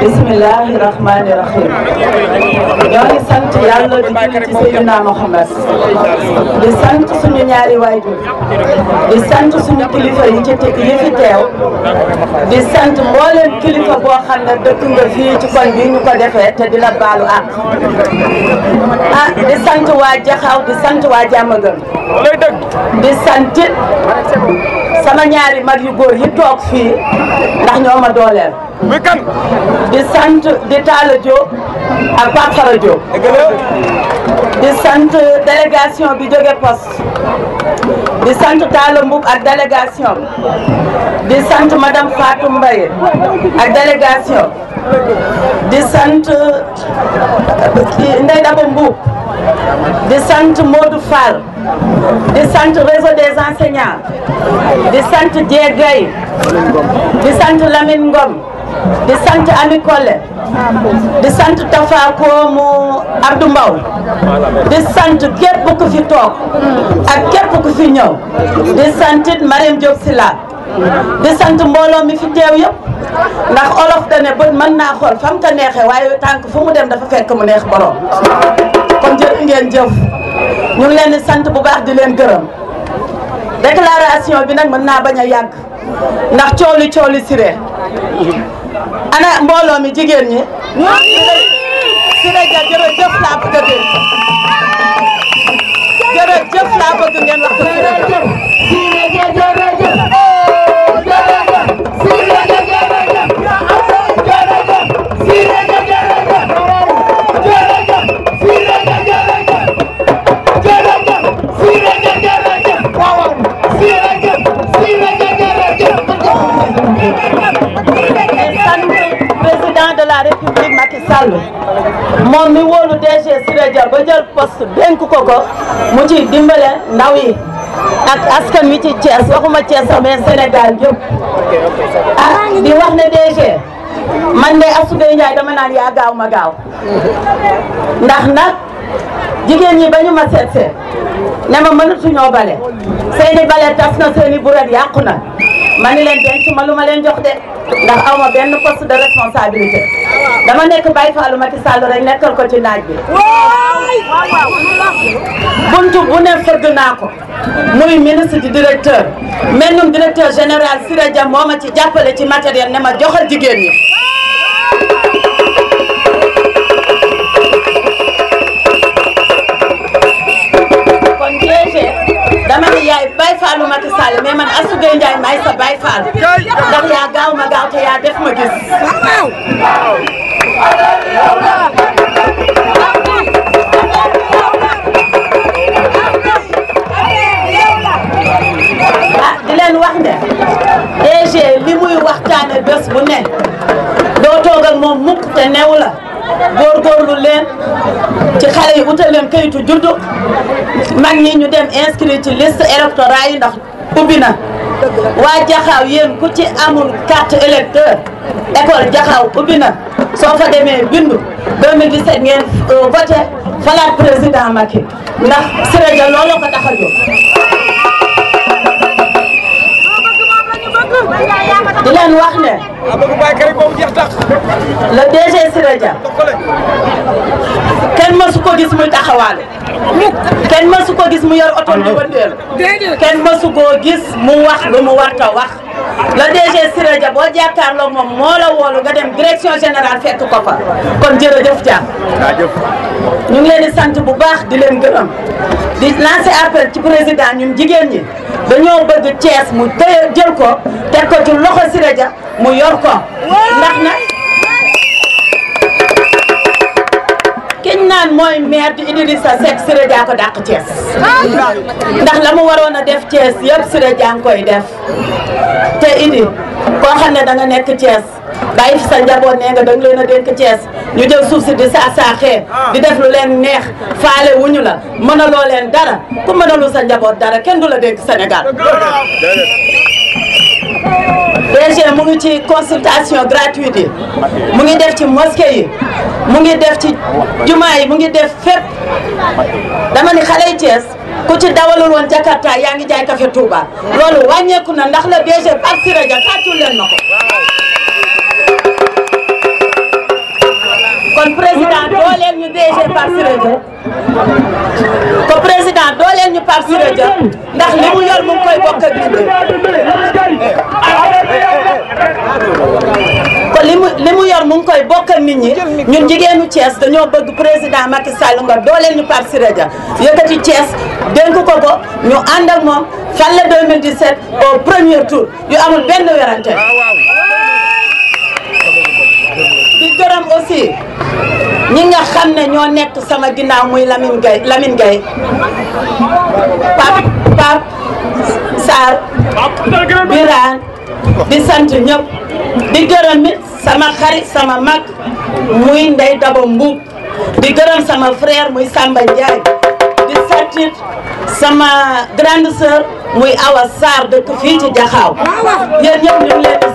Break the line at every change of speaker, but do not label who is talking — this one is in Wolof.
bismillahi rahmani rahim ñoo ngi sant yàlla di julli ci Seydina Muhammad di sant suñu ñaari waajur di sant suñu kilifa yi ci yi fi teew di sant mbooleem kilifa boo xam ne dëkk nga ci koñ bi ñu ko defee te di la baalu ak ah di sant waa Jaxaw di sant waa Jàmmagën di sant sama ñaari mag yu góor yi toog fii ndax ñoo ma dooleel muy kan. di sant di Talla Diop ak Pape Xara di sant délégation bi jóge di sant Talla Mboup ak délégation di sant madame Fatou ak délégation. di sant Ndeye Daba Mboup. di sant Modou Fall di sant réseau des enseignants di sant Diegay di sant Lamine di sant Ami Collé di sant Tafa Ko mu Abdou Mbaw di sant képp ku fi toog ak képp ku fi ñëw di santit Mariam Diop Sylla di sant mbooloo mi fi teew yëpp ndax olof da ne bët mën naa xool fam ko neexee waaye tànk fu mu dem dafa fekk mu neex borom kon jërë ngeen jëf ñu ngi leen di sant bu baax di leen gërëm déclaration bi nag mën naa bañ a yàgg ndax cooli cooli siree ana mbooloo mi jigéen ñi. Siré Dia jërëjëf laa bëgg a dégg jërëjëf laa bëgg ngeen wax ko Siré moom mi wóolu DG Siré Dia ba jël poste dénk ko ko mu ci dimbale ndaw yi ak askan wi ci Thiès waxuma Thiès mais Sénégal yëpp ah di wax ne DG man de Astou Gueye dama naan yaa gaaw ma gaaw ndax nag jigéen ñi ba ñu ma seet seet ne ma mënatuñoo bale seeni bale tas na seeni buret yàqu na ma ni leen denc ma lu ma leen jox de ndax aw ma benn poste de responsabilité dama nekk Baye Fallou Macky Sall nekkal ko ci naaj bi. buntu bu ne fëgg naa ko muy ministre di directeur mennum directeur général Siré Dia moo ma ci jàppale ci matériel ne ma joxal jigéen ñi. kon DG dama ni yaay Fallu Macky Sall mais man Astou Gueye Ndiaye maay sa Baye Fall ndax yaa gaaw ma gaaw te yaa def ma gis. ah di leen wax ne DG li muy waxtaane bés bu ne doo toog ak moom mukk te new la. góorgóorlu leen ci xale yi utal leen kayitu juddu mag ñi ñu dem inscrit ci liste électorale yi ndax ubbi na waa jaxaaw yéen ku ci amul carte électeur école jaxaaw ubbi na soo fa demee bindu 2017 ngeen euh, voté falaat président Macky ndax Siré Dia looloo ko tax a di leen wax ne. le DG Siré Dia kenn mësu ko gis muy taxawaal kenn mësu ko gis mu yor oto di wëndeel kenn mësu ko gis mu wax lu mu war ta wax le DG Siré Dia boo jàkkaarloo moom moo la woolu nga dem direction générale fekk ko fa kon jërëjëf Dia ñu ngi leen di sant bu baax di leen gërëm di lancer appel ci président ñun jigéen ñi dañoo bëgg Thiès mu téye jël ko teg ko ci loxo Siré Dia mu yor ko ndax na kiñ naan mooy meer di Idrissa Seck Siré Dia ko dàq Thiès ndax la mu waroon a def Thiès yëpp Siré Dia ngi koy def te Idi koo xam ne da nga nekk Thiès bàyyi fi sa njaboot nee nga da leen a dénk Thiès ñu jël suuf si di saa saaxee di def lu leen neex faale wuñu la mënaloo leen dara ku lu sa njaboot dara kenn du la dénk Sénégal DG mu ngi ci consultation gratuite yi mu ngi def ci moske yi mu ngi def ci jumaa yi mu ngi def fépp dama ni xale yi Thiès ku ci dawalul woon Jakarta yaa ngi jaay café Touba loolu wàññeeku na ndax la DG Pape Siré Dia tàccul leen na ko kon président dooleel ñu DG Pape Siré ko président dooleel ñu Pape Siré ndax li mu yor mu ngi koy bokk ak Ngor mu ngi koy bokkal nit ñi ñun jigéenu Thiès dañoo bëgg président Macky Sall nga dooleel ñu Pape Siré Dia yëkkati cees dénk ko ko ñu ànd ak moom fan la 2017 au premier tour yu amul benn werante di gërëm aussi ñi nga xam ne ñoo nekk sama ginnaaw muy Lamine Gueye Lamine Gueye Pape Pape di sant ñëpp di gërëm it sama xarit sama mag muy Ndeye Daba Mbuub di gërëm sama frère muy Samba Ndiaye di satit sama grande sœur muy Awa Sarr dëkk fii Jaxaaw yéen ñëpp ñu ngi leen